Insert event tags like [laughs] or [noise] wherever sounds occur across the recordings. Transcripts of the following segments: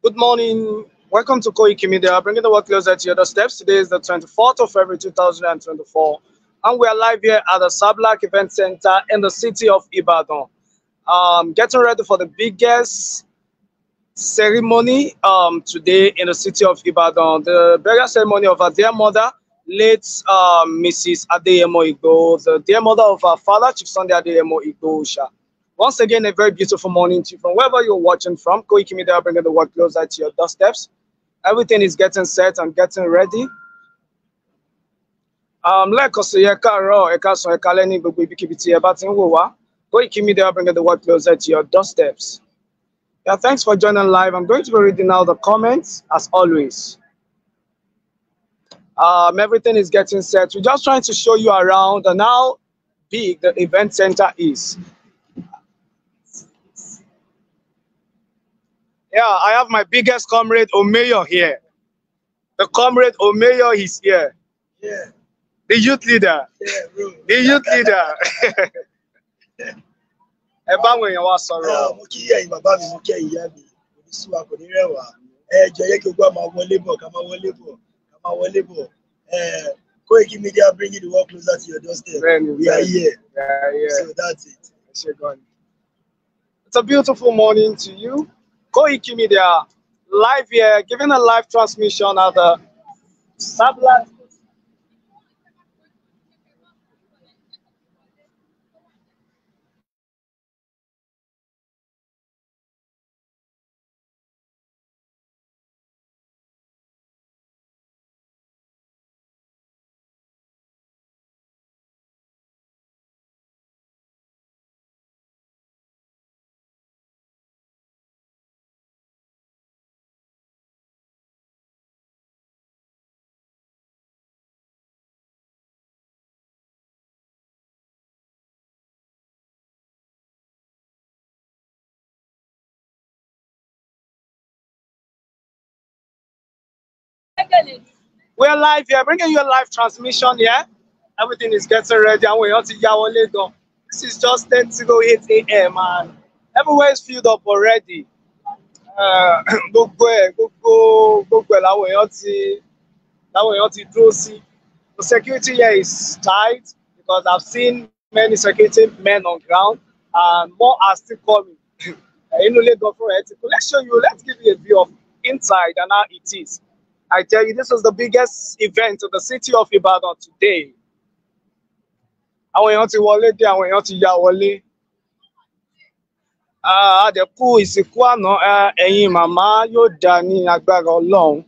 Good morning. Welcome to Koiki Media, bringing the world closer to your doorsteps. Today is the 24th of February 2024, and we are live here at the Sablak Event Center in the city of Ibadan. Um, getting ready for the biggest ceremony um, today in the city of Ibadan, the burial ceremony of our dear mother, late uh, Mrs. Adeyemo Igbo, the dear mother of our father, Chief Sunday Adeyemo Igbo Usha. Once again, a very beautiful morning to you from wherever you're watching from. Koiki Media bringing the world closer to your doorsteps. Everything is getting set and getting ready. Um, lẹ́ẹ̀kan sí ẹ káàárọ̀ ẹ káàsán ẹ kálẹ́ ní gbogbo ibikíbi tí ẹ bá ti Koiki Media bringing the world closer to your doorsteps. Yeah, thanks for joining live. I'm going to be reading out the comments as always. Um, everything is getting set. We're just trying to show you around and how big the event center is. Yeah, I have my biggest comrade Omeyo here. The comrade Omeyo is here. Yeah. The youth leader. Yeah, bro. The youth leader. [laughs] Ẹ báwọn èèyàn wa sọ̀rọ̀. Ah, mo kí ẹ̀yin bàbá mi, mo kí ẹ̀yin ìyá mi, oníṣùwà kò ní rẹwà. Ẹ jọ yẹ kí gbogbo àmà wọlé bọ̀, ká máa wọlé bọ̀, ká máa wọlé bọ̀. Koiki Media bringing the world closer to your doorstep. We are here. Yeah, yeah. So that's it. It's a beautiful morning to you. Koiki Media live here, giving a live transmission at the Sablat We're live here, bringing you a live transmission here. Everything is getting ready, and we're on to yawoledo. This is just 10 to go 8 a.m., and everywhere is filled up already. Uh, [clears throat] gbogbo ẹ̀ gbogbo gbogbo ẹ̀ làwọn to. ti làwọn èèyàn ti dúró sí. The security here is tight because I've seen many security men on ground and more are still coming. [clears throat] Inú ilé Let's show you, let's give you a view of inside and how it is. I tell you, this is the biggest event of the city of Ibadan today. Àwọn èèyàn ti wọlé dé, àwọn èèyàn ti ya wọlé. Àdẹ̀kù ìsìnkú àná ẹ̀yin màmá yóò dá ní agbára Ọlọ́run.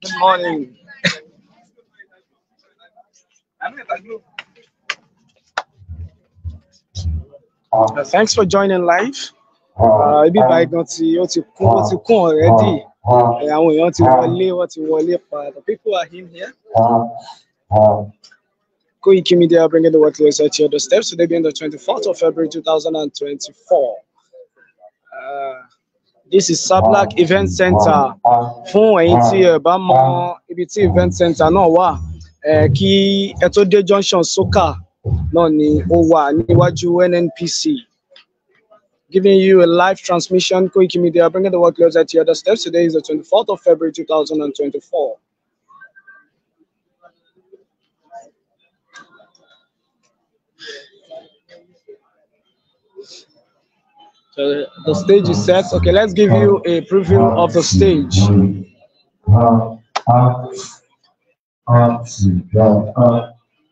Good morning. [laughs] Uh, thanks for joining live uh, ibi báyìí gan ti ó ti kún ó ti kún already uh, àwọn èèyàn ti wọlé wọ́n ti wọlé padà people are in here. Koiki Media bringing the work closer to the steps today being the 24th of February 2024. Uh, this is Sablak Event Center. Fún ẹ̀yin tí ẹ bá mọ ibi tí event center náà wà, kí ẹ tó dé junction Soka. náà ni ó wà níwájú NNPC giving you a live transmission Koiki Media bringing the world closer to your doorstep today is the 24th of February 2024. So the stage is set. Okay, let's give you a preview of the stage.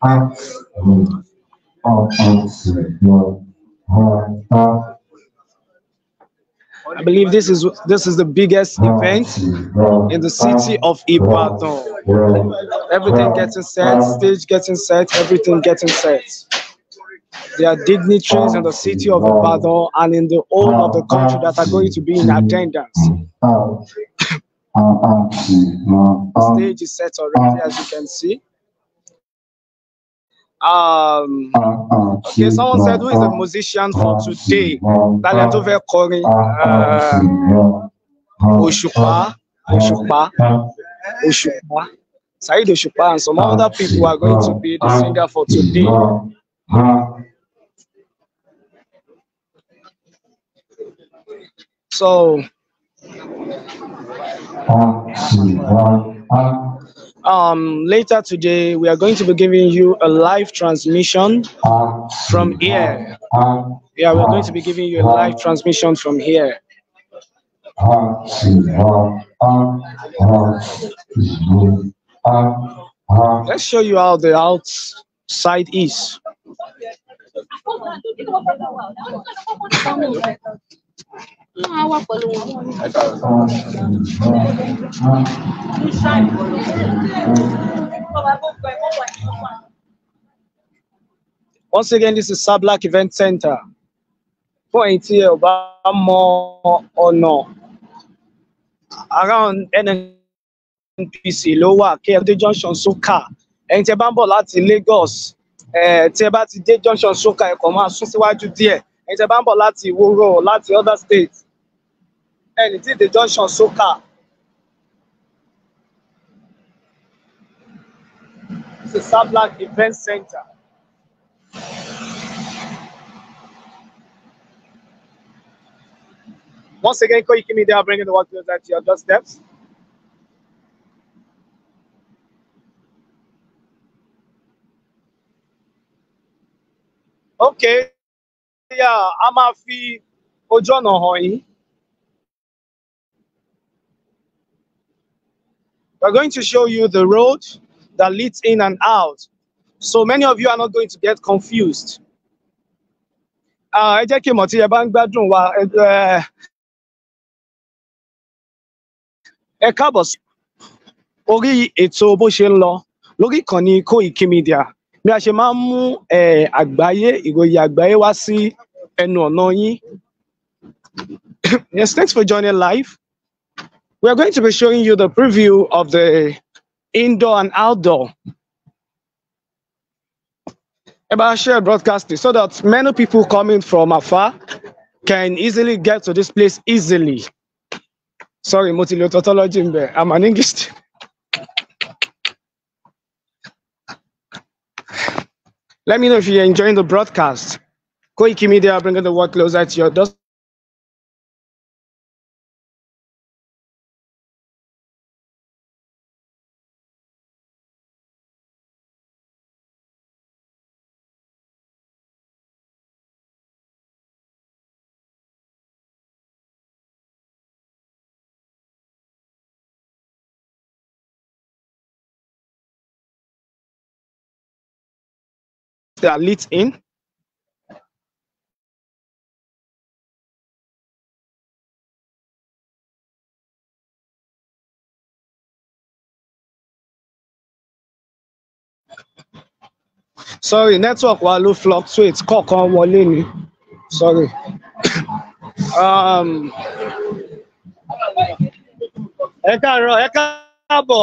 I believe this is this is the biggest event in the city of Ibadan. Everything getting set, stage getting set, everything getting set. There are dignitaries in the city of Ibadan and in the whole of the country that are going to be in attendance. the [laughs] stage is set already, as you can see. Um, okay, someone said, Who is a musician for today? Talent over calling uh, Oshupa, Oshupa, Oshupa, Said Oshupa, and some other people are going to be the singer for today. So, um, later today, we are going to be giving you a live transmission from here. Yeah, we're going to be giving you a live transmission from here. Let's show you how the outside is. [laughs] Once again, this is Sablak Event Center. Point here, tí ẹ ò bá around NNPC lower wà kí ẹ dé junction Soka. Ẹ̀yin tí ẹ Lagos, tí ẹ bá ti dé junction Soka, ẹ kàn máa sún ẹ̀yin tẹ́ bá ń bọ̀ láti ìwòrò láti other state ẹni tí the junction soka it's a sablak event center. Once again, They are bringing the world closer to your doorsteps. Okay. Nàìjíríà a máa fi ojú ọ̀nà hàn yín. We're going to show you the road that leads in and out. So many of you are not going to get confused. Ẹ jẹ́ kí n mọ̀ tí ẹ bá ń gbádùn wa ẹ káàbọ̀ sí orí ètò bó ṣe ń lọ lórí ìkànnì Koiki Media. bí a ṣe àgbáyé àgbáyé wá sí ẹnu ọ̀nà yín. Yes, thanks for joining live. We are going to be showing you the preview of the indoor and outdoor. About share broadcasting so that many people coming from afar can easily get to this place easily. Sorry, multi-tautology, I'm an English. Let me know if you're enjoying the broadcast. Koiki Media bringing the world closer to your doorstep. that are in sorry network Walu ló fluctuate kọ̀ọ̀kan wọlé ni sorry um, Eka ro Eka abo.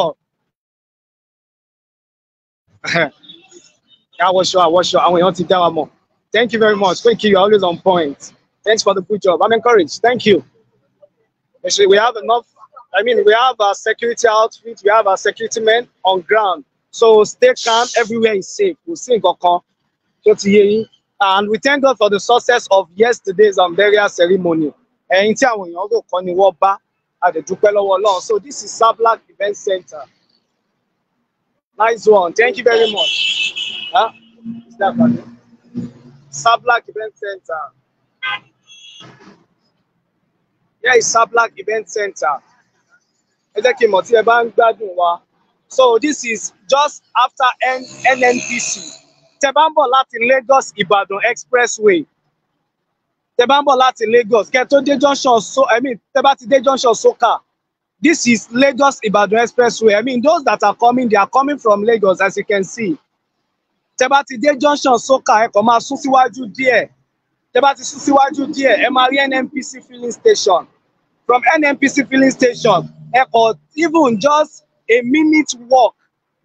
I was sure. I was sure, àwọn èèyàn ti to tell more. thank you very much thank you You're always on point thanks for the good job i'm encouraged thank you Actually, we have enough i mean we have our security outfit we have our security men on ground so stay calm everywhere is safe kò sí nǹkan kan tó and we thank God for the success of yesterday's um, burial ceremony ẹ̀yin tí àwọn èèyàn rò kọ́ ni wọ́n bá àdẹ̀dúpẹ́ lọ́wọ́ Ọlọ́run so this is Sablak Event Center nice one thank you very much. Huh? Is that funny? Event Center. Here is Sablak Event Center. Ẹ jẹ́ kí n So this is just after N NNPC. Tẹ bá ń bọ̀ láti Lagos Ìbàdàn Expressway. Tẹ bá ń Lagos. Kẹ tó dé junction so I mean tẹ bá ti dé junction Soka. This is Lagos Ìbàdàn Expressway. I mean those that are coming they are coming from Lagos as you can see tẹ́ bá ti dé junction soka ẹ kàn máa sún síwájú díẹ̀ tẹ́ bá ti sún síwájú díẹ̀ ẹ máa rí NNPC filling station from NNPC filling station ẹ kàn even just a minute walk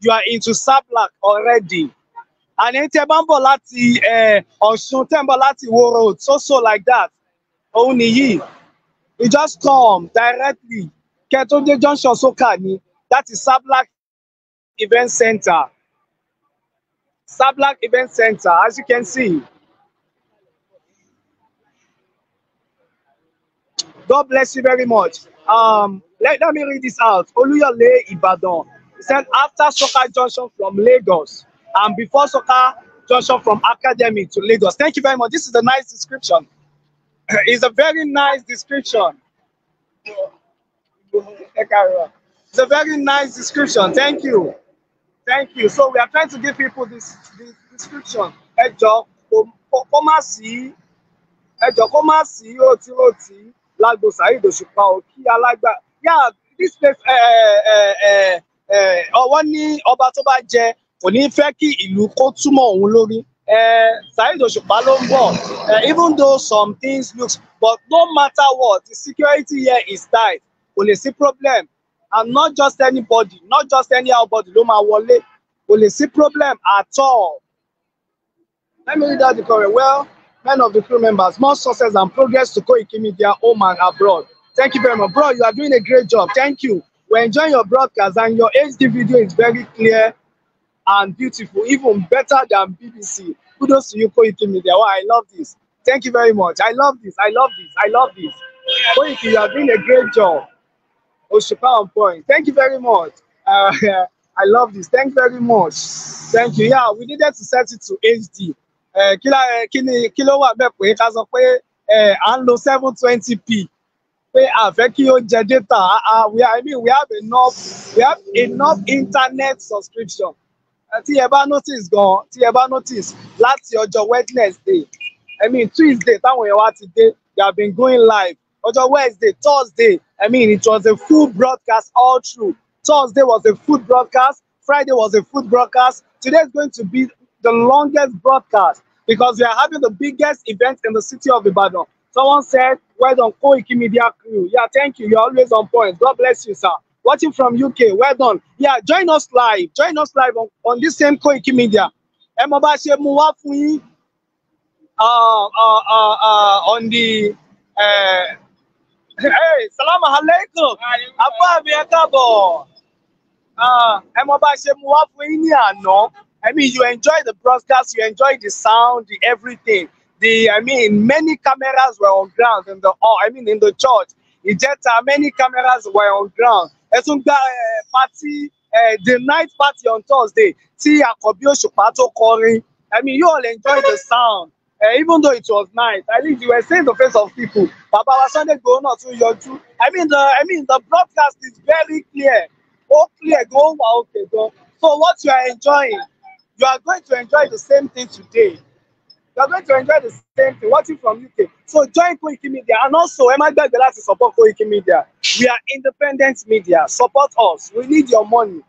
you are into Sablak already and ẹni tẹ́ bá ń bọ̀ láti eh, Ọ̀ṣun tẹ́ ń bọ̀ láti Iwo Road so so like that òun nìyí you just come directly kẹ́ tó dé junction soka ni that is Sablak event center. Sablak Event Center, as you can see. God bless you very much. Um, let, let me read this out. Oluyole Ibadan sent after Sokar Junction from Lagos and before Sokar Junction from Academy to Lagos. Thank you very much. This is a nice description. [clears throat] it's a very nice description. It's a very nice description. Thank you. thank you so we are trying to give people this this description ẹ jọ kó má sí ẹ jọ kó má sí ròtíròtí lágbo Saheed Òṣùpá o kí alágbà yà this place ẹ ẹ ẹ ẹ ọwọ́ ní ọba tó bá jẹ kò ní fẹ́ kí ìlú kó túmọ̀ òun lórí ẹ Saheed Òṣùpá ló ń bọ̀ even though some things look but no matter what the security here is tight kò lè sí problem and not just anybody not just any anyhow body ló máa wọlé kò lè sí problem at all let me read out the comment well men of the crew members more success and progress to Koiki Media home and abroad thank you very much bro you are doing a great job thank you We enjoy your broadcast and your HD video is very clear and beautiful even better than BBC kudos to you Koiki Media wow I love this thank you very much I love this I love this I love this Koiki you are doing a great job Oshika on point. Thank you very much. Uh, [laughs] I love this. Thank you very much. Thank you. Yeah, we needed to set it to HD. Uh, eh, kí ló wà bẹ́ẹ̀ pé ká sọ pé eh, à ń lo p We a fẹ́ kí data. We are, I mean, we have enough we have enough internet subscription. Ti eba notice gan Ti eba notice láti ọjọ́ Wednesday, I mean Tuesday táwọn èèyàn wa ti dé, they have been going live. Ọjọ́ Wednesday, Thursday, I mean, it was a full broadcast all through. Thursday was a full broadcast. Friday was a full broadcast. Today is going to be the longest broadcast because we are having the biggest event in the city of Ibadan. Someone said, well done, Koiki Media crew. Yeah, thank you. You're always on point. God bless you, sir. Watching from UK, well done. Yeah, join us live. Join us live on, on this same Koiki Media. Ẹ mọ̀ bá uh, uh, uh, on the uh, Hey, salamu alaikum. Abá mi ẹ káàbọ̀. Ah, ẹ mọ bá a ṣe mu wá fún yín ní àná. I mean, you enjoy the broadcast, you enjoy the sound, the everything. The I mean, many cameras were on ground in the hall. I mean, in the church. Ìjẹta, many cameras were on ground. Ẹ tún gba eh, party, eh, the night party on Thursday. Tí Àkọ́bí Òṣùpá tó kọrin. I mean, you all enjoy the sound uh, even though it was night i think you were seeing the face of people baba wa Sunday Igboho on to yọjú i mean the i mean the broadcast is very clear ó clear go ó wà òkè gan so what you are enjoying you are going to enjoy the same thing today you are going to enjoy the same thing watching from UK so join Koiki Media and also ẹ má gbàgbé láti support Koiki Media we are independent media support us we need your money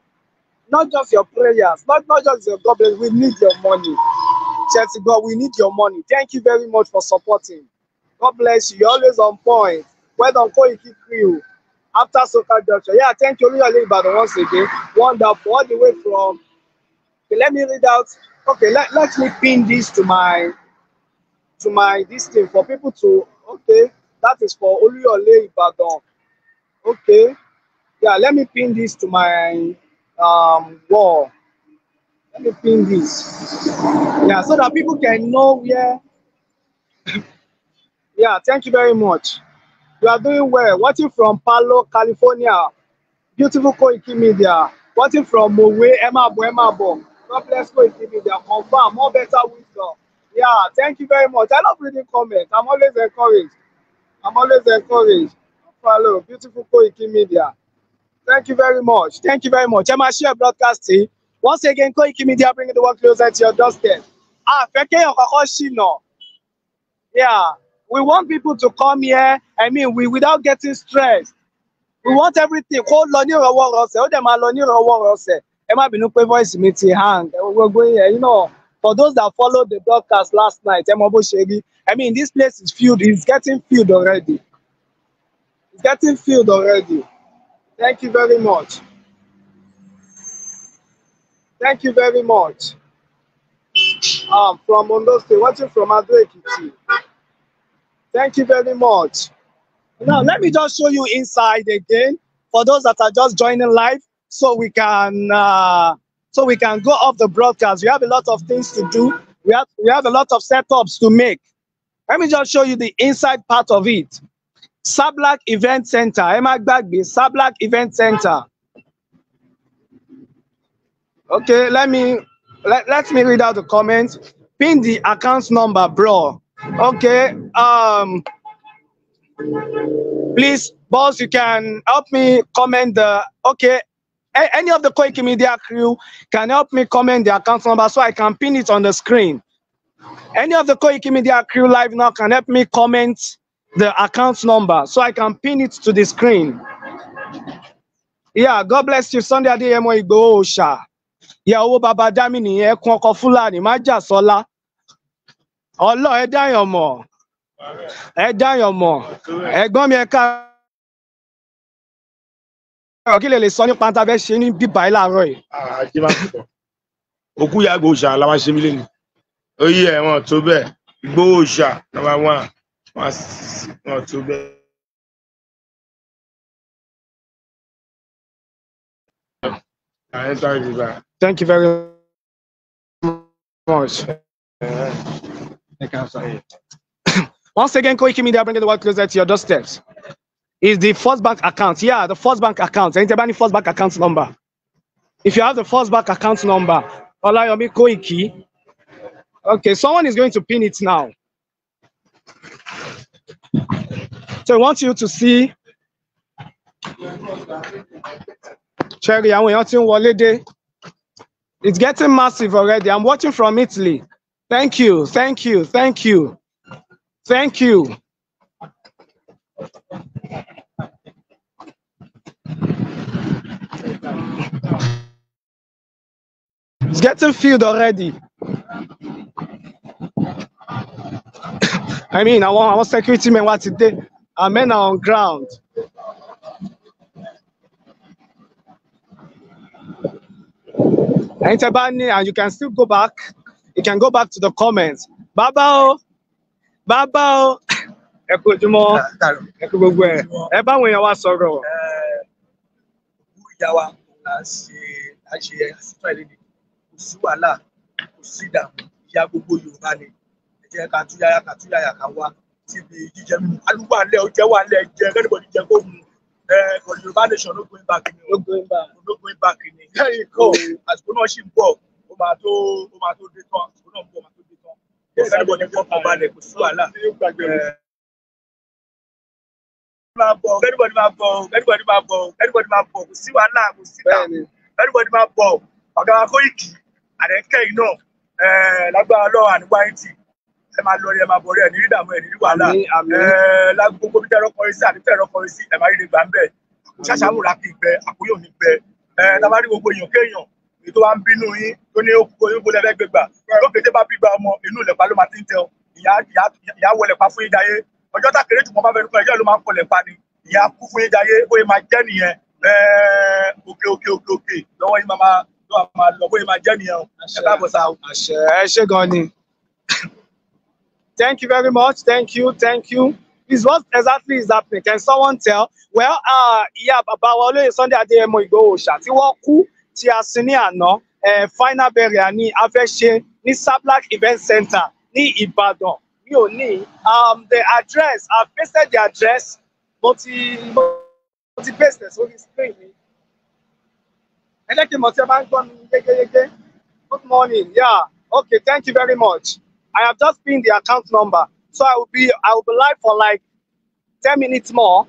not just your prayers not not just your government we need your money Chelsea God, we need your money. Thank you very much for supporting. God bless you. You're always on point. Well done, Koiki Crew. After Soka Joshua, Yeah, thank you, Oluyale Ibadan, once again. Wonderful. All the way from. Okay, let me read out. Okay, let, let me pin this to my to my this thing for people to okay. That is for Oluyale Ibadan. Okay. Yeah, let me pin this to my um wall pin this. Yeah, so that people can know where. [laughs] yeah, thank you very much. You are doing well. Watching from Palo, California. Beautiful Koiki Media. Watching from Mowe, Emabo, Emabo. God bless Koiki Media. Confirm more better wisdom. Yeah, thank you very much. I love reading comments. I'm always encouraged. I'm always encouraged. Palo, beautiful Koiki Media. Thank you very much. Thank you very much. I'm máa share broadcast Once again, call Koiki Media bringing the world closer to your doorstep. Àfẹ́kẹ́ ah, ọ̀kọ̀ọ̀kọ̀ ṣìnà. Yeah, we want people to come here, I mean, we, without getting stressed. We want everything kó lọ ní ìrọ̀wọ́ rọ̀ṣẹ̀, ó dẹ̀ máa lọ ní ìrọ̀wọ́ rọ̀ṣẹ̀. Ẹ má bínú pé voice mi ti hang. Gbogbo yẹn, you know, for those that followed the broadcast last night, Emma mọ I mean, this place is filled, it's getting filled already. It's getting filled already. Thank you very much. Thank you very much. Um, from Ondo State, watching from Adwekiti. Thank you very much. Now, let me just show you inside again for those that are just joining live so we can uh, so we can go off the broadcast. We have a lot of things to do. We have we have a lot of setups to make. Let me just show you the inside part of it. Sablak Event Center, Emma Bagby, Sablak Event Center. Okay, let me let, let me read out the comments. Pin the account number, bro. Okay. Um please, boss, you can help me comment the okay. A any of the Koiki Media crew can help me comment the account number so I can pin it on the screen. Any of the Koiki Media crew live now can help me comment the account number so I can pin it to the screen. Yeah, God bless you, Sunday Adeyemo Igbo Osha. ìyàwó bàbá dámìnì ẹkùn ọkọ fúlàní má jà sọlá ọlọ ẹ dáyàn mọ ẹ dáyàn mọ ẹ̀gbọ́n mi ẹ ká ọ̀rọ̀ kí lè lè sọ nípa tá a fẹ́ ṣe ní bíbá ẹ láàárọ̀ yìí. Ah, òkú yàgò òòṣà la máa ṣe mí lẹ́nu oyè ẹ̀wọ̀n tó bẹ́ẹ̀ gbó òòṣà number one wọn tó bẹ́ẹ̀. Thank you very much. [coughs] Once again, Koiki Media bringing the world closer to your doorstep. Is the First Bank account. Yeah, the First Bank account. Entebani First Bank account number. If you have the First Bank account number, Olayomi Koiki. Okay, someone is going to pin it now. So I want you to see Cherry, i èèyàn ti ń wọlé it's getting massive already i'm watching from italy thank you thank you thank you thank you. It's getting filled already. [coughs] I mean, I want, I want security men what today. Our men are on ground. ẹ̀yin tẹ́ bá ní and you can still go back you can go back to the comments bàbá o bàbá o Eko, kú Eko, ẹ kú gbogbo ẹ ẹ báwọn èèyàn wa sọ̀rọ̀. òkú ìyá wa la ṣe la ṣe àṣìṣe ìlú ni kò sí wàhálà kò sí ìdààmú ìyá gbogbo Yorùbá ni ẹ jẹ́ ká túyáyà ká túyáyà ká wá síbi jíjẹ mímu alúwàlẹ ọjẹ wàlẹ jẹ kẹ́nìbọ̀dì jẹ kó mu. Eh, Yorùbá nation no going back ni. no going back no going back ni. lẹ́yìn kọ́ àsìkò náà ṣì ń bọ̀ ó máa tó ó máa tó dé tán àsìkò náà ń bọ̀ ó máa tó dé tán. kò sáré bọ̀ ní fọ́ọ̀kù balẹ̀ kò sí wàhálà. everybody eh, máa bọ̀ everybody máa bọ̀ everybody máa bọ̀ kò sí wàhálà kò sí ta everybody máa bọ̀ ọ̀gá wa Koiki àdẹ́kẹ́ yìí náà eh, lágbára lọ́wọ́ àníwáyé tì í ẹ máa lọ rí ẹ máa bọ̀ rí ẹ ní rí dààmú ẹ ní rí wàhálà ẹ lágbogbo bí tẹ̀rọ kọrin sí àbí tẹ̀rọ kọrin sí ẹ máa rí gbà ń bẹ̀ ṣáṣá múra kì í bẹ àkóyò ní bẹ ẹ tábà rí gbogbo èèyàn kéèyàn èyí tó wá ń bínú yín tó ní okùn oyún gbólẹ̀ fẹ́ gbégbà lókè tẹ́ bá bígbà ọmọ inú ilẹ̀pá ló máa ti ń tẹ ìyá wọlé pa fún yín jayé ọjọ́ tá kéré jùmọ̀ bá fẹ́ nùkọ́ ẹjọ́ ló máa ń kọlẹ̀ ni ìyá kú fún yín jayé bóyá máa jẹ́ nìyẹn òkè òkè òkè òkè lọ́wọ́ yín máa lọ bóyá máa jẹ́ nìyẹn ẹ káàbọ̀ sáà. ẹ ṣé gan ni. Thank you very much. Thank you. Thank you. Is what exactly is happening? Can someone tell? Well, uh, yeah, Baba Wale Sunday Adeyemo Igboho Oòṣà tí wọ́n kú tí a sin ní eh, Final burial ni a fẹ́ ṣe Event Center ní Ìbàdàn ní ni Um, the address, I've pasted the address. Mo ti mo ti paste sórí screen mi. Ẹlẹ́kìmọ̀ tí a bá ń gbọ́ mi yégéyégé. Good morning, yeah. Okay, thank you very much. I have just pinned the account number. So I will be I will be live for like 10 minutes more.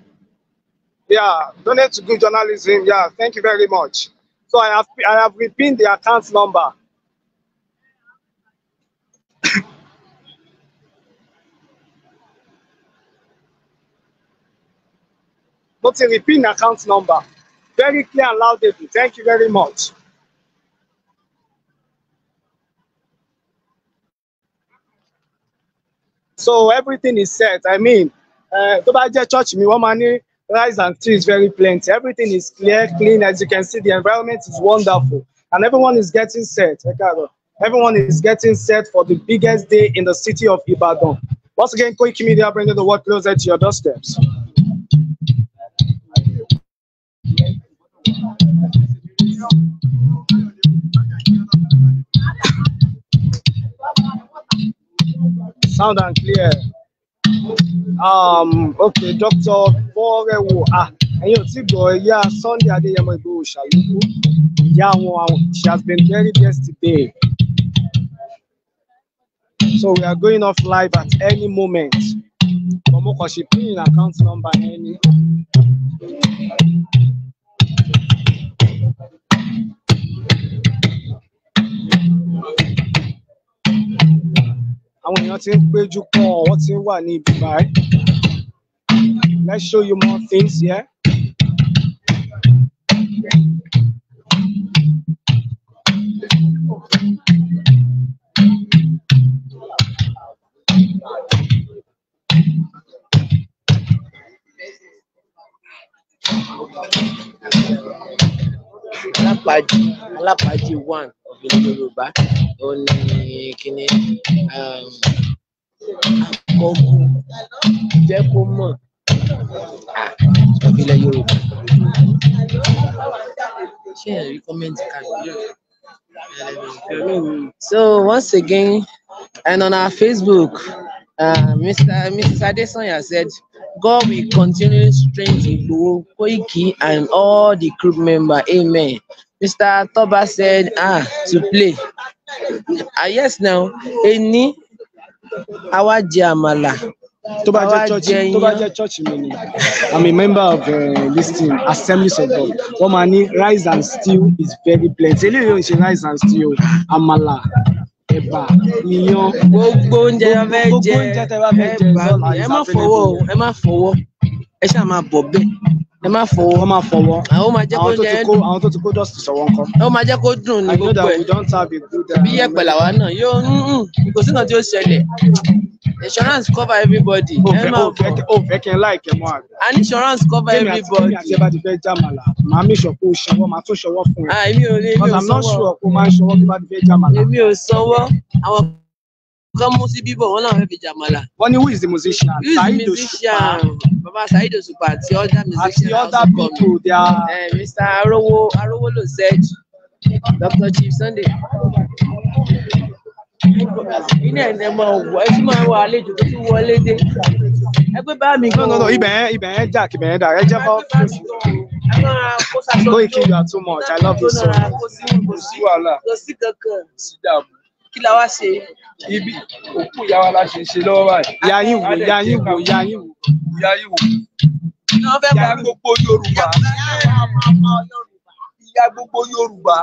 Yeah, donate to good journalism. Yeah, thank you very much. So I have I have repinned the account number. But a repeat account number. Very clear and loud, David. Thank you very much. so everything is set i mean eh, tó bá jẹ́ church mi wọ́n money, rice and tea is very plenty everything is clear clean as you can see the environment is wonderful and everyone is getting set everyone is getting set for the biggest day in the city of Ibadan once again Quick Media bringing the world closer to your doorsteps. Sound and clear. Um, okay, Dr. Borewo. Ah, And you see, boy. Yeah. Sunday Adéyẹmọ Ìgbòho ṣàlékún. Ìyá wọn àwọn she has been buried yesterday. So we are going off live at any moment. Ọmọkọ̀ṣe pin account number ẹni. ti ń péjú pọ̀ wọ́n ti ń wà ní ibi báyìí. Let's show you more things here. alápàjì alápàjì one of the yorùbá ó ní kíní. Um, jẹ́ kó mọ̀ Yorùbá. Ṣé ẹ̀ rí kọ́mẹ́ǹtì So once again, and on our Facebook, uh, Mr. Mrs. Adesanya said, God will continue strengthening Igboho, Koiki, and all the crew member." Amen. Mr. Toba said, ah, to play. Ah, yes, now, Eni a wá jẹ àmàlà tó bá jẹ church tó bá jẹ church mi ni i'm a member of uh, this team Assembly of god wọn máa ní rice and stew is very plenty eléyìí ò ń ṣe rice and stew àmàlà ẹ̀bà iyán gbogbo oúnjẹ tẹ bá fẹ́ jẹ ẹ̀bà ẹ má fọwọ́ ẹ má fọwọ́ ẹ ṣáà máa bọ̀ bẹ́ẹ̀ ẹ má fọwọ́ ẹ má fọwọ́ àwọn máa jẹ́ kó jẹ́ dùn àwọn tó ti kó dust sọ̀wọ́ nǹkan. ó máa jẹ́ kó dùn ní gbogbo ẹ̀ bí uh, yẹ̀pẹ̀ làwa náà yóò mm, mm, kò sí nǹkan tí ó ṣẹlẹ̀ insurance cover everybody. o fẹ́ o fẹ́ o fẹ́ kí láìkẹ mọ àgbà. an insurance cover everybody. kémi àti kémi àti ẹ bá ti fẹ́ já màá mi sọ pé o ṣọwọ́ màá tún ṣọwọ́ fún ẹ. Ah, èmi ò lè i'm not sure pé o máa ń ṣọwọ́ bí bá ti fẹ́ já màlà. èmi ò sọwọ́ àwọn kan mú sí bíbọ̀ wọn náà fẹ́ fi já wọ́n ní who is the musician? who is the musician? Ah bàbá Saheed Òṣùpá àti other musicians àti other people they eh, Mr. Arowo Arowolo Sej Dr. Chief Sunday inú ẹ̀ ní ẹ̀mọ ọ̀wọ́ ẹ tún máa wọ àlejò tó tún wọlé dé ẹ pé bá mi gan. nọ́nọ́nọ́ ibẹ̀ ibẹ̀ yẹn jà kí ibẹ̀ yẹn dà ẹ jẹ́ fọ́ Koiki you too much I love you so much. kò sí wàhálà kò kí la wá ṣe ibi òkú ìyá wa la ṣe ṣe lọ́wọ́ báyìí. ìyá yín wò ìyá yín wò ìyá yín wò. ìyá yín wò. ìyá gbogbo Yorùbá. ìyá gbogbo Yorùbá.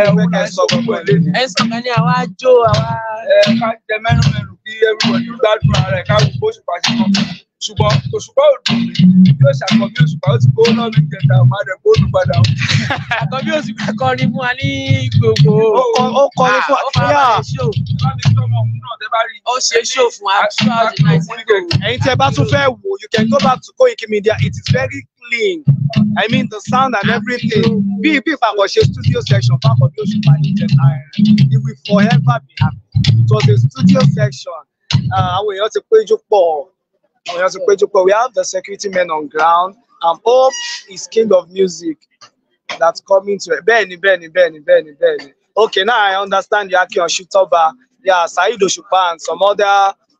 ẹ wọ́n náà sọ gbogbo ẹ̀ ẹ sọ̀kan ní àwa jó àwa. ẹ ká jẹ mẹ́nu mẹ́nu kí everybody gbádùn ara ẹ̀ ká gbóṣùpá sí kọ́kọ́ ṣùgbọ́n òṣùpá òdu yóò ṣàkọ́bí òṣùpá ó ti kó lọ́nà ìjẹta ọ̀mádẹ kó lù padà ó. àkọ́bí òṣùpá kọrin fún wa ní gbogbo. ó kọrin fún wa ah, ó ṣe ṣó. fún wa two tí ẹ bá tún fẹ́ wò you can go back to Koiki Media it is very clean i mean the sound and everything bí bí ìpapọ̀ ṣe studio section papọ̀ bí òṣùpá ní ìjẹta it will forever be happy it was a studio section ah, àwọn èèyàn ti péjú pọ̀ àwọn we have the security men on ground I'm hope is king of music that's coming to it Benny, Benny, Benny, Benny, bẹ́ẹ̀ni okay now i understand the akin osutoba yeah saheed osupa and some other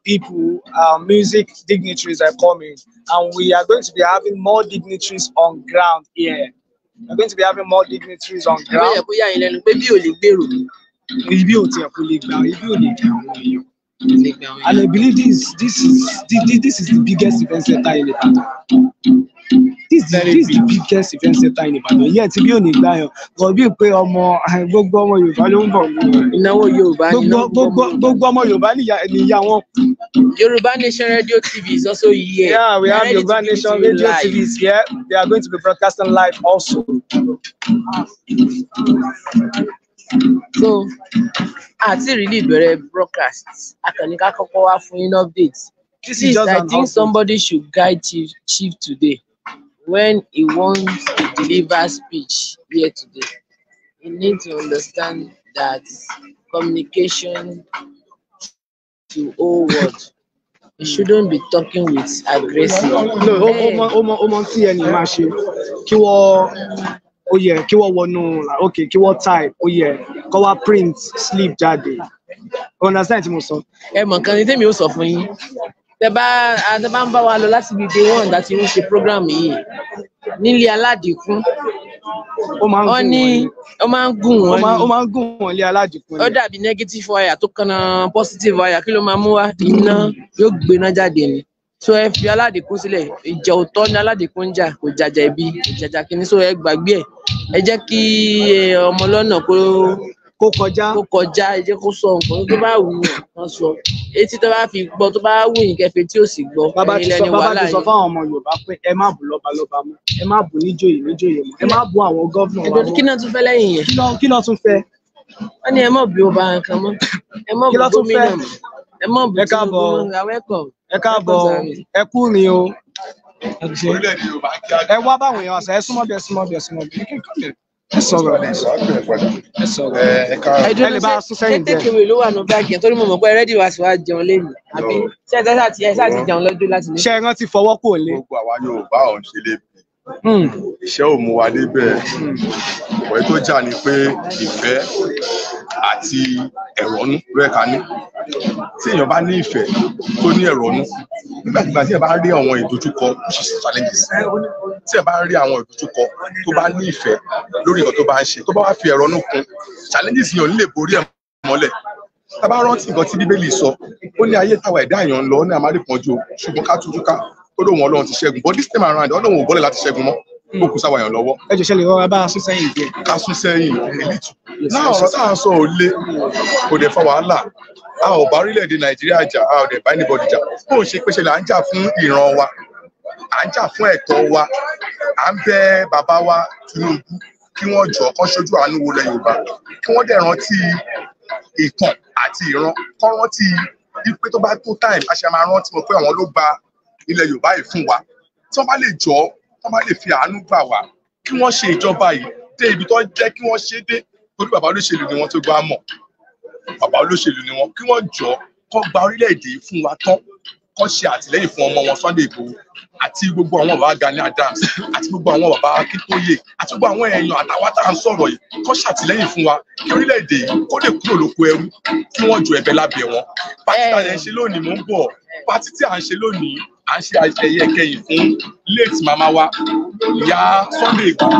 people uh, music dignitaries are coming and we are going to be having more dignitaries on ground here we're going to be having more dignitaries on ground. And I believe this this is this, this is the biggest event center in Ibadan. This, this is the biggest event center in Ibadan. Yẹ́ ti bí ò ní gbà yàn, kò bí pé ọmọ gbogbo ọmọ Yorùbá ló ń bọ̀. Ìnáwó Yorùbá ni gbogbo ọmọ Yorùbá nìyá wọn. Yorùbá Nation Radio TV is also here. Yeah, we have Yorùbá Nation Radio TV is here. They are going to be broadcasting live also so àti really bẹ̀rẹ̀ broadcast akànní ká kọ́kọ́ wá fún yín update please i think somebody should guide chief, chief today when he wants to deliver speech here today he need to understand that communication to whole world He shouldn't be talking with aggression. ó mọ ó mọ ó mọ tí ẹnì máa ṣe kí wọ́n ó yẹ kí wọ́n wọnú ok kí wọ́n type ó yẹ kọ́ wá print sleep jáde understand tí mo sọ. ẹ mọ̀ kan ní tèmi ò sọ fún yín tẹ bá tẹ bá ń bá wa lọ láti ibi day one láti ń ṣe program yìí nílé aládìkún ó máa ń gùn wọn ní ó máa ń gùn wọn ní ó máa ń gùn wọn ní aládìkún ó dàbí negative wire tó kanna positive wire kí ló máa mú wa iná yóò gbéná jáde ni so ẹ fi aládìkún sílẹ̀ ìjà òótọ́ ni aládìkún ń jà kò jàjà ibi ìjàjà kìíní so ẹ gbàgbé ẹ ẹ jẹ́ kí ọmọ lọ́nà kó kó kọjá kó kọjá ẹ jẹ́ kó sọ nǹkan tó bá wù ú kan sọ etí tó bá fi gbọ́ tó bá wù yín kẹfẹ tí ò sì gbọ́ ẹ̀yin lẹni wàhálà yín. bàbá ti sọ fáwọn ọmọ Yorùbá pé ẹ má bù lọ́balọ́ba mọ́ ẹ má bù níjòyè níjòyè mọ́ ẹ má bù àwọn gọ́vnà wa mọ́. kí náà tún fẹ́ lẹ́yìn yẹn. kí náà tún fẹ́. wọ́n ní ẹ mọ̀ bí ó bá nǹkan mọ́ ẹ mọ̀ bí gómìnà mọ́ ẹ mọ̀ bí Tinubu mọ́ ẹ wẹ́kọ̀ọ́ ẹ káàbọ̀ ẹ kú rìn o ẹ wá báwọn èèyàn àṣà ẹ súnmọ́ bí ẹ súnmọ́ bí ẹ súnmọ́ bí ẹ sọ̀rọ̀ ẹ sọ̀rọ̀ ẹ lè bá a sún sẹ́yìn díẹ̀. tẹ́tẹ̀kìwé ló wà ní báàgì torí mo mọ̀ pé rẹ́dí wa sì wá jẹun lẹ́nu àbí ṣé ẹ sáà ti jẹun lọ́dún láti ní. ṣé ẹ rántí fọwọ́ kò lé. gbogbo àwa yóò bá òun ṣe lè Hmm. iṣẹ́ ò mú wa débẹ̀ ọ̀pọ̀ èyí tó jà ni pé ìfẹ́ àti ẹ̀rọ̀nú ló yẹ ká ní tí èèyàn bá ní ìfẹ́ tó ní ẹ̀rọ̀nú nígbàkigbà tí ẹ bá rí àwọn ìdojúkọ challenges tí ẹ bá rí àwọn ìdojúkọ tó bá ní ìfẹ́ lórí nǹkan tó bá ń ṣe tó bá wá fi ẹ̀rọ̀nú kún challenges yẹn ò ní lè borí ẹ̀ mọ́lẹ̀ tá a bá rántí nǹkan tí bíbélì sọ ó ní ayé táwa ẹ̀dá èèyàn ń lọ ó ní àmárìpọ̀jù ṣùgbọ́n ká tújú ká tó lóun ọlọ́run ti ṣẹ́gun but this time around ọlọ́run ò bọ́lẹ̀ láti ṣẹ́gun mọ́ ó kù sáwà yàn lọ́wọ́. ẹ jọ̀ṣẹ́ lè rọra bá a sún sẹ́yìn díẹ̀. a sún sẹ́yìn èlítù náà ọ̀rọ̀ tá à ń sọ ò le kò dẹ̀ fa wàhálà a ò bá orílẹ̀-èdè nàìjíríà jà a ò dẹ̀ bá anybody jà bó ń ṣe pé ṣẹlẹ̀ à ń jà fún ìran wa à ń jà fún ẹ̀tọ́ wa à ń bẹ bàbá wa Tinubu kí wọ́n jọ kán ṣojú àánú wo lẹ Yorùbá kí wọ́n dẹ̀ rántí ìtàn àti ìran kán rántí wípé tó bá tó time a ṣe máa rántí mọ̀ pé àwọn ló gba ilẹ̀ yorùbá yìí fún wa tí wọ́n bá lè jọ wọ́n bá lè fi àánú gbà wá kí wọ́n ṣe ìjọba yìí dé ibi tó jẹ́ kí wọ́n ṣe dé torí bàbá olóṣèlú ni wọ́n tó gbá mọ̀ bàbá olóṣèlú ni wọ́n kí wọ́n jọ kó gba orílẹ̀-èdè yìí fún wa tán kọ́ ṣe àtìlẹ́yìn fún ọmọ wọn Sunday Igboho àti gbogbo àwọn bàbá Gani Adams àti gbogbo àwọn bàbá Akíntóyè àti gbogbo àwọn èèyàn àtàwọn tá à ń sọ̀rọ̀ yìí kọ́ ṣàtìlẹ́yìn fún wa kí orílẹ̀-èdè yìí kó lè kúrò lóko ẹrú kí wọ́n ju ẹ̀bẹ̀ lábẹ́ wọn. pátí tí à ń ṣe lónìí mò ń bọ̀ pátí tí à ń ṣe lónìí à ń ṣe ayẹyẹ kẹyìn fún late mama wa ìyá Sunday Igboho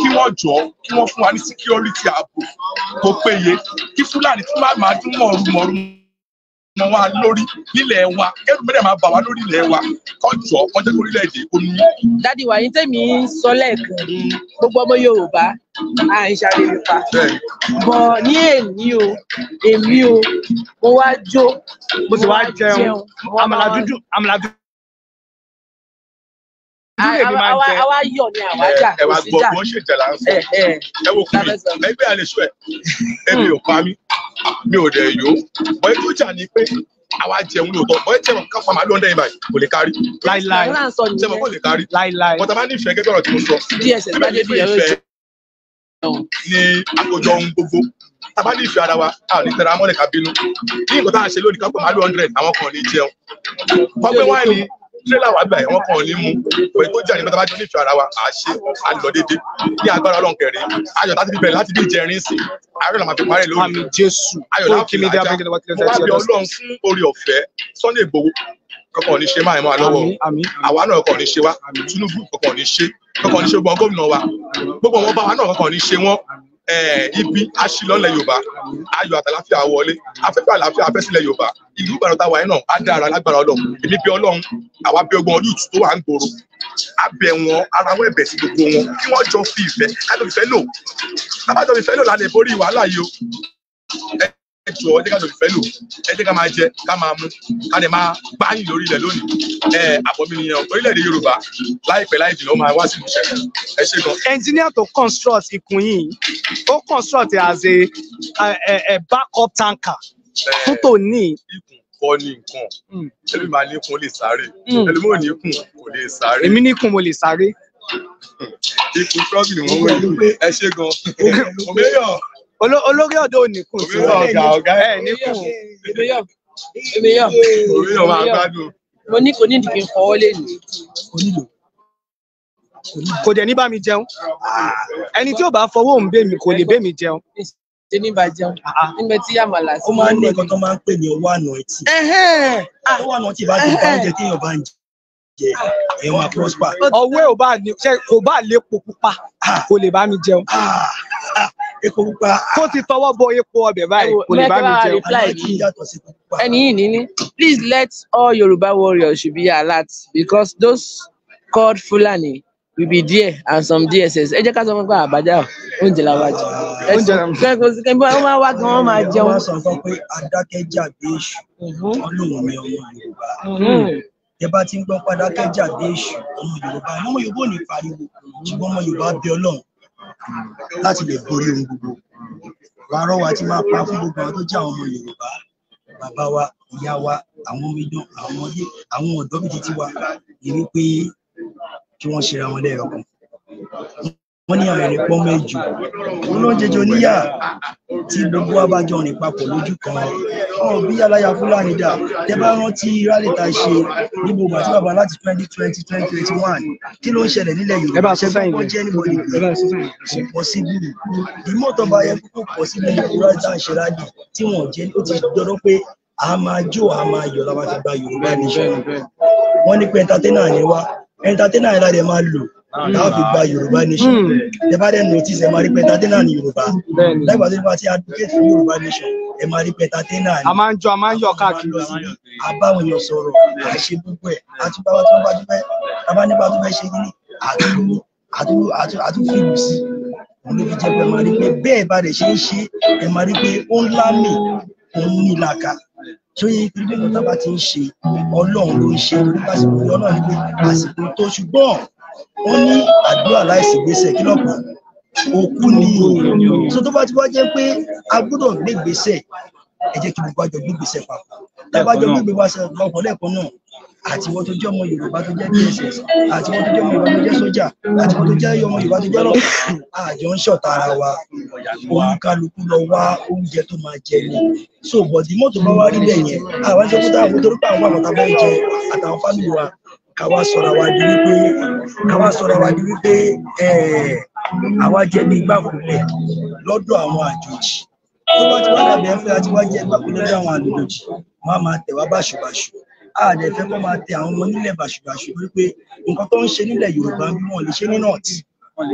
kí wọ́n jọ kí wọ́n fún wa ní security ààbò tó péye kí Fúlàní tún má máa dún mọ̀ọ́rùmọ̀ọ́rùmọ̀ mọ́ wa lórí nílẹ̀ wa kẹ́rù mẹ́rẹ̀ máa bà wá lórí ilẹ̀ wa kọ́jọ́ kọjá lórí ilẹ̀ èdè omi. dádì wa yín tèmi ń sọ lẹ́ẹ̀kan gbogbo ọmọ yorùbá àìsàrè nípa bọ̀ ní èmi o èmi o mo wá jó mo sì wá jẹun àmàlà dúdú àmàlà dúdú àwa yọ̀ ni àwa jà ẹ wá gbọ́ bó ṣe jẹ̀ là ń sọ ẹ wò kúmi ẹgbẹ́ àlejò ẹ ẹbí ò pa mí mi ò dẹ̀ yó bọ́ ètò ìjà ni pé àwa jẹun lóòótọ́ bọ́ ẹ tẹ̀wọ̀n ká fún àmàlú ọ̀dẹ́ ìbàyí kò lè kárí. láíláí tẹ̀wọ̀n kò lè kárí. láíláí bọ́tà bá nífẹ̀ẹ́ gẹ́gẹ́ ọ̀rọ̀ tí mo sọ. dss bá dé bíi ní àkójọ ohun gbogbo tá a bá nífẹ̀ẹ́ ara wa a ò ní tẹ̀ra mọ́lẹ̀ bínú. ní nǹkan tá a ṣe lónìí ká pọ̀ màálù hundred àwọn kan ò ní jẹun. pọ́pẹ́ wáìnì tírélà wà gbà wọn kàn ní mú pẹ̀lú tó jẹ́ àyìnbá tábàjọ́ nífẹ̀ẹ́ ara wa àṣẹ àlọ́dédé ní agbára ọlọ́run kẹrin ayọ̀ láti bíbẹ̀ láti bí ìjẹrin sí ayọ̀ làmà fi parẹ́ lórí ayọ̀ láti fi ajá mo wá bí ọlọ́run fún orí ọ̀fẹ́ Sunday Igboho kọkàn ní ṣe máa mọ́ àlọ́wọ́ àwa náà kọkàn ní ṣe wá Tinubu kọkàn ní ṣe kọkàn ní ṣe gbọ́n gómìnà wa gbogbo wọn bá wa náà kọkàn ní ṣe wọn Eh, ibi aṣílọ́lẹ̀ yorùbá ayọ̀ àtàláfíà wọlé afẹ́fẹ́ àlàáfíà afẹ́sílẹ̀ yorùbá ìlú ìbàdàn táwa yẹn náà á dára lágbára ọlọ́run èmi bí ọlọ́run àwa bí ọgbọ́n ọdún tó wà ń gbòòrò á bẹ̀ wọn ara wọn ẹ̀bẹ̀ sí gbogbo wọn kí wọ́n jọ fi ìfẹ́ lábẹ́ ìfẹ́ lò lábàjọ́ ìfẹ́ lò lálẹ́ borí wàhálà yìí o jọ ẹ jẹ́ ká lọ ìfẹ́ lò ẹ jẹ́ ká máa jẹ ká máa mú ká lè máa gbáyìn lórí ilẹ̀ lónìí ẹ àbọ̀mí nìyẹn orílẹ̀ yorùbá láìpẹ́ láì jìnnà máa wá sí ìmúṣẹ ẹ ṣe gan. engineer to construct ikùn yìí ó construct as a, a, a, a backup tanker fún tòní kọ́ hmm. ní nǹkan ẹlòmíì máa níkun lè sáré hmm. ẹlòmíì ò níkun kò lè sáré. èmi níkun mo lè sáré. [laughs] ikùn trọ́bì ni wọ́n wẹ̀ ẹ ṣe gan [laughs] olórí ọ̀dọ́ òníkùn tí wọ́n lè ní kùn. èmìyàn èmìyàn mo ní kò ní ìdìbò ìfọwọ́ lè ní. kò dẹ̀ ní bá mi jẹun ẹni tí ò bá fọwọ́ òun bẹ́ mi kò lè bẹ́ mi jẹun. ṣe ní bá jẹun ah, ah. nígbà tí àmàlà sí. ó máa ń ní nǹkan tó máa ń pè ní owó àná ẹtì. owó ah. àná ẹtì bá ti bá oúnjẹ téèyàn bá ń jẹ jẹ máa prosper. ọwọ́ ò bá lè po pupa kò lè bá mi jẹun epo pupa. Ah. kó ti tọwọ́ bọ epo ọbẹ̀ báyìí kò lè bá mi jẹun. ẹni yìí níní please let all Yoruba warriors be alert because those called Fulani we be there and some DSS ẹ jẹ́ ká sọ fún pé àbájá oúnjẹ la wá oúnjẹ la jẹ kí wọ́n máa wá kí wọ́n máa jẹun. wọ́n sọ pé adákẹ́jà bí mm-hmm. ọlọ́run mi ọmọ Yorùbá ìjọba mm-hmm. ti ń gbọ́ padákẹ́jà bí èṣù ọmọ Yorùbá ọmọ Yorùbá ò ní pariwo ṣùgbọ́n ọmọ Yorùbá bí ọlọ́run láti lè borí ohun gbogbo wàárọ̀ wa ti máa pa fún gbogbo àwọn tó jẹ́ àwọn ọmọ Yorùbá bàbá wa ìyá wa àwọn omidan àwọn ọmọdé àwọn ọ̀dọ́ méjì tiwa ni wípé kí wọ́n ṣera wọn lẹ́yọ̀kan wọ́n ní àrẹ̀rẹ̀ pọ́ méjì wọ́n ló ń jẹjọ níyà tí gbogbo abájọ rìn papọ̀ lójú kan ọ̀hún bí aláya fúlàní dà tẹ bá rántí rálì a ṣe ní gbogbo àti bàbá láti twenty twenty twenty twenty one kí ló ń ṣẹlẹ̀ nílẹ̀ yorùbá ṣe fún wọn jẹ́ níwọ̀n nígbà kò pọ̀ sí búrú ìmọ̀tọ́ bá yẹ kó pọ̀ sí búrú kúrò tá a ṣe rálì tí wọ́n jẹ́ ó ti dọ́dọ́ pé a máa jó a máa yọ̀ la máa fi gba yorùbá nation wọ́n ní pé entertainer ni wá entertainer yẹn lára láwọn fi gba yorùbá nation hmm. ẹ bá dẹ notice ẹ máa rí pẹtatena ní yorùbá láìpẹ́ tó bá ti advocate fún yorùbá nation ẹ máa rí pẹtatena ní. a máa ń jọ a máa ń yọ káàkiri síbi abáwọn èèyàn sọ̀rọ̀ à ń ṣe gbogbo ẹ àtúbáwá tó ń bá tó fẹ́ tábà nípa tó fẹ́ ṣe kí ni àtúrú àtúrú àtúfìlù sí òun ló fi jẹ pé ẹ máa rí pé bẹ́ẹ̀ bá rẹ ṣe ń ṣe ẹ máa rí pé ó ń lámì òun ní làkà sóyè ìpínlẹ̀ ìlú tábà ti ń ṣe ọlọ́run ló ń ṣe lórí àsìkò ọlọ́run ní pé àsìkò tó ṣùgbọ́n ó ní àdúrà láìsí gbèsè kí lọ́pọ̀ òkú ni so tó bá ti wá jẹ́ pé a gbọ́dọ̀ gbé gbèsè ẹ jẹ́ kí gbogbo àjọ gbé gbèsè papọ̀ tábàjọ gbé gbèsè papọ̀ lẹ́ẹ̀kan náà àti wọn tó jẹ́ ọmọ Yorùbá tó jẹ́ dss àti wọn tó jẹ́ ọmọ Yorùbá tó jẹ́ sójà àti wọn tó jẹ́ ọmọ Yorùbá tó jẹ́ lọ́pọ̀ àjọ ń ṣọ̀tá ara wa oníkálukú lọ wá oúnjẹ tó máa jẹ ni so bọ̀dí mọ́tò bá wá rí bẹ́ẹ̀ yẹn àwọn ẹjọ́ tó dáàbò torí pé àwọn àwọn àtàwọn jẹ àtàwọn fámìlì wa káwa sọ̀rọ̀ wa di wípé káwa sọ̀rọ̀ wa di wípé àwa jẹ́ ní gbàkúlẹ̀ lọ́dọ̀ àwọn àjòjì tó bá ti wá lábẹ́ ẹ̀fẹ́ àti wá jẹ́ gbàkúlẹ̀ lọ́dọ̀ àwọn àjòjì wọ́n á máa tẹ̀ wá báṣubàṣu àdẹ̀fẹ́ kọ́ máa tẹ àwọn ọmọ nílẹ̀ báṣubàṣu wípé nǹkan tó ń ṣe nílẹ̀ Yorùbá bí wọ́n lè ṣe ní nọ́ọ̀tì wọn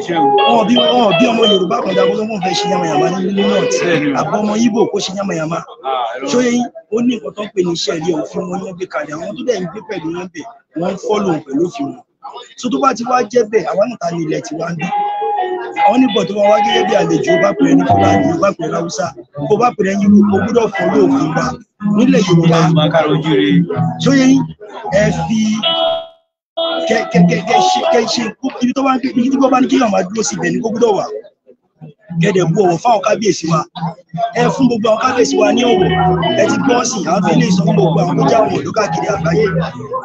bí wọn bí ọmọ yorùbá kan jagun ló wọn fẹ́ ṣe yamayama ní north àbọ ọmọ ibo kó ṣe yamayama ah, ṣóyẹ ó ní nǹkan tó ń pè ní iṣẹ́ rí òfin wọn ní gbé kalẹ̀ àwọn tó dẹ̀ ń gbé pẹ̀lú wọn bẹ̀ wọ́n ń fọ́lò pẹ̀lú òfin wọn tó tó bá ti wá jẹ́ bẹ́ẹ̀ àwọn náà ta ni ilẹ̀ tiwa ń bí àwọn níbọ̀ tó bá wá gẹ́gẹ́ bí àlejò bá pèrè ní fúlàní bá pèrè haúsá kó bá pèrè yín kó gbúdọ̀ fọ́lò òfin wa nílẹ̀ yorùbá ṣóyẹ ẹ fi kẹ kẹ kẹ kẹ ṣe kẹ ṣe ibi tó bá ń ibi tí wọ́n bá ní kí àwọn adúró sí ibẹ̀ ní gbogbo wà gẹ́dẹ̀ bu ọ̀wọ̀ fáwọn kábíyèsí wa ẹ fún gbogbo àwọn kábíyèsí wa ní ọ̀wọ̀ ẹ ti gbọ́ sí àwọn fílẹ̀ sọ fún gbogbo àwọn tó já àwọn ọ̀dọ́ káàkiri àgbáyé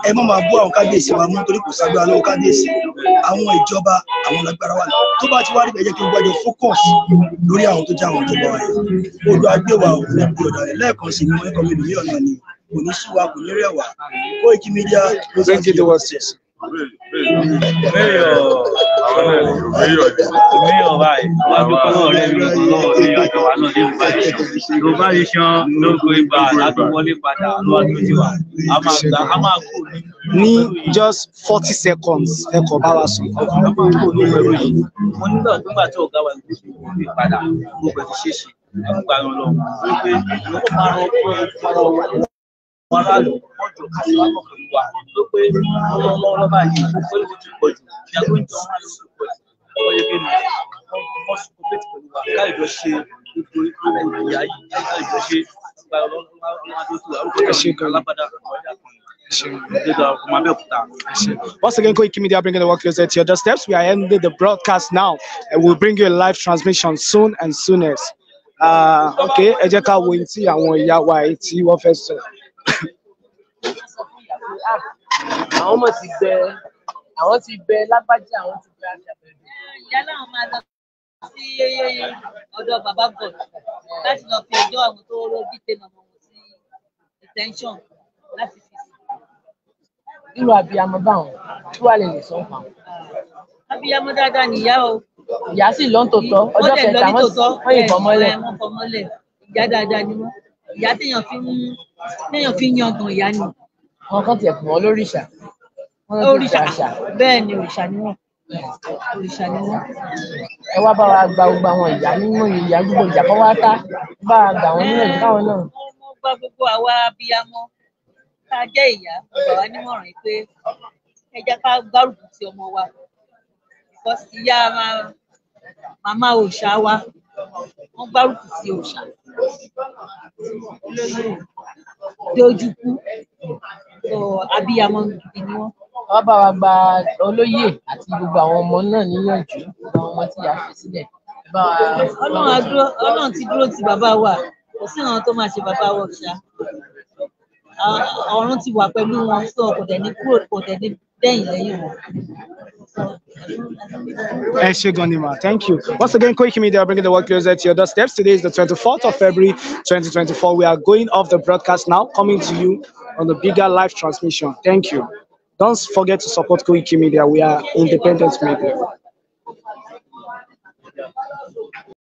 ẹ má máa bú àwọn kábíyèsí wa mú torí kò sábẹ́ alọ́wọ́ kábíyèsí àwọn ìjọba àwọn lágbára wa tó bá ti wá rí ẹjẹ́ kí gbogbo àjọ focus lórí àwọn tó já àwọn ìjọba wa yẹn odò àgbéwà òfin ẹgbẹ́ sí ni wọ́n ẹ̀kọ́ mi lórí ọ̀nà ni kò ní sú wa kò ní rẹ̀ wá Koiki Media ló sọ ti wọ́n ṣe. Mẹ́yọ̀ mẹ́yọ̀ báyìí, wọ́n dúpẹ́ náà rẹ̀ mi lọ́wọ́ ní ọjọ́ wa náà ní ìgbà yìí. Yorùbá yìí ṣan lóko ìgbà láti wọlé padà lọ́wọ́ tó ti wà. A máa gbà á máa kú ní. Ní just forty seconds, ẹ kọ̀ bá wa sùn. Ọkùnrin máa ń kú ní ìwé ròyìn. Mo nígbà tó ń gbà tó ọ̀gá wa ìgbésí ìwé padà, mo gbẹ̀ ti ṣe é ṣe. Mo gbà yàn lọ. Mo gbé ìlú máa rán ọkùnrin Once again, Koiki Media bringing the work closer to your doorsteps. We are ending the broadcast now, and we'll bring you a live transmission soon and soonest. Uh, okay, àwọn ọmọ ti bẹ àwọn ti bẹ lágbájá àwọn ti bẹ àjàbẹ̀dẹ. ìyá làwọn máa lọ sí ọ̀dọ̀ bàbá bọ̀ láti lọ fi ẹjọ́ àwọn tó rọ́bí tẹ̀lé ọmọ sí detention láti fi sí. irú abiyamọ báwọn tí wàá lè lè sọ pa wọn. Ah, abiyamọ dáadáa nìyá o. ìyá sì lọ́n tòótọ́ ọjọ́ kẹta wọ́n yìnbọn mọ́lẹ̀. ìyá dáadáa ni wọ́n ìyá téèyàn fi ń téèyàn fi ń yangàn ìyá ni. wọn kàn tiẹ̀ pọ̀ wọ́n lóríṣà. òrìṣà bẹ́ẹ̀ ni òrìṣà ni wọ́n òrìṣà ni wọ́n. ẹ wá bá wa gba gbogbo àwọn ìyá nínú ìyá gbogbo ìjà kọ́ wá tá bá a gbà wọ́n nílẹ̀ káwọn náà. wọ́n gba gbogbo àwa abiyamọ tá a jẹ́ ìyá ọ̀gá wa nímọ̀ràn yìí pé ẹ jẹ́ ká gbárùkù ti ọmọ wa because ìyá màmá òòṣà wa wọ́n gbárùkù ti òòṣà dojúkú abiyamọ gidi ni wọ́n. wọ́n bá wa gba olóyè àti gbogbo àwọn ọmọ náà níyànjú àwọn ọmọ tí a fi sílẹ̀. ọlọ́run ti dúró ti bàbá wa kò sí àwọn tó máa ṣe bàbá wa ṣá ọ̀run ti wà pẹ̀lú wọn sọ kò dẹ̀ ní kúrò kò dẹ̀ ní thank you once again Quick Media bringing the world closer to your doorstep today is the twenty-fourth of February twenty twenty-four we are going off the broadcast now coming to you on the bigger live transmission thank you don't forget to support Quick Media we are independent media.